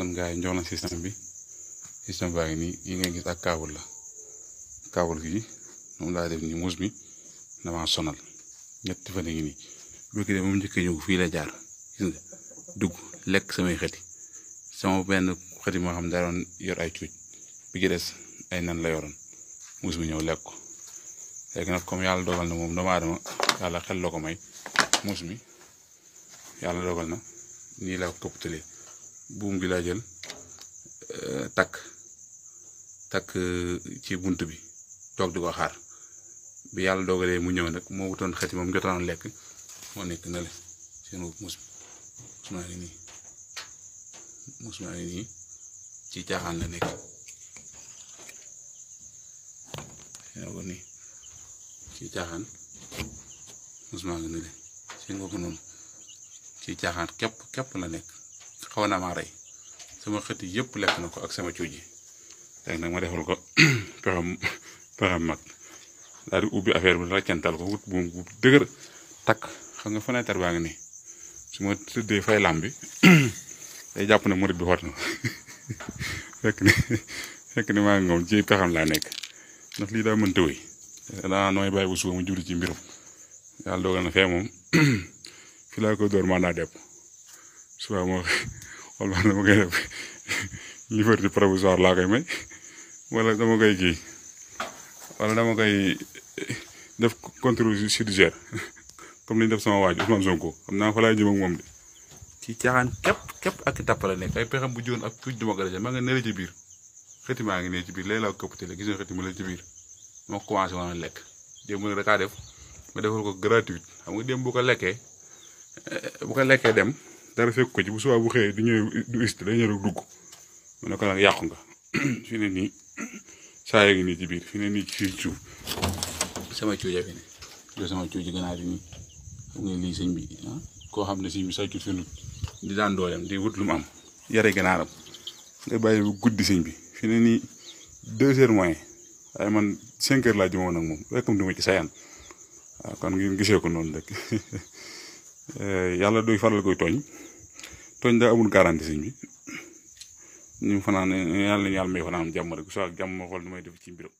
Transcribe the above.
kon gars a njox na système bi système baa ngi nii yi ngeen gis ak kaabul la kaabul gi moom laa def ni muus bi dama sonal ñetti fan ngi nii bu fekkee moom njëkkee ñëw fii la jaar dug lekk samay xeti sama benn xeti moo xam daa yor ay cuuj bi des ay nan la yoroon muus bi ñëw lekk ko léegi nag comme yàlla dogal na moom doomu aadama yàlla xel la ko may muus mi yàlla dogal na nii la ko këpptalee buum euh, euh, bi tak jël tak tak ci buntu bi tok diko xaar bi yalla doogalee mu ñëw nak mo wutone xati mom jotoon lek mo nek na le seenu mus ni maa ni ci caaxaan la nek yawo ni ci caaxaan mus ni le seen ko non ci kep kep la nek xaw naa maa rey sama xëti yëpp lekk na ko ak sama cuuj yi daal di ubbi affaire bi raccantal ko wut buum baa ngi nii su ma tëddee fay lam bi day jàpp ne na fekk ni na fee moom fi door maa naa depp suba moo xool wax dama koy def liberté provisoire laa koy may wala dama koy kii wala dama koy def contrôle judiciaire comme ni def sama waaj Ousmane Sonko xam naa fa laay jëm moom de ci caaxaan képp a ak tappale nekk ay pexam bu jóon a tuuj duma ko maa nga nele ci biir maa ngi ne ci biir léegi laa këpp télé gis nga xëti ma la ci biir moo ko commencé woon a lekk démb nag dakaa def ma defal ko gratuite xam nga dem bu ko lekkee eh, bu ko lekkee dem dara fekk ko ci bu subaa bu xëyee du ñëw du ist day ñëw dugg mu ne ko yàqu nga fi ne nii saa yaa ngi nii ci biir nii ci suuf sama cuuja fi bi ah, koo xam ne sëñ bi sàccul fi di daan dooleem di wut am yare ganaaram nga bàyyi bu guddi sëñ bi fi ne nii deux heures moins waaye man cinq heures laa jëmoon ak moom rekkam duma ci sayan waaw ah, kon ngeen gisee ko noonu rek eh, yàlla duy faral koy tooñ tooñ da amul garanti sëñ bi ñu fanaan yàlla yàlla may fanaan jàmm rek su ak jàmm ma xool nu may def ci mbiram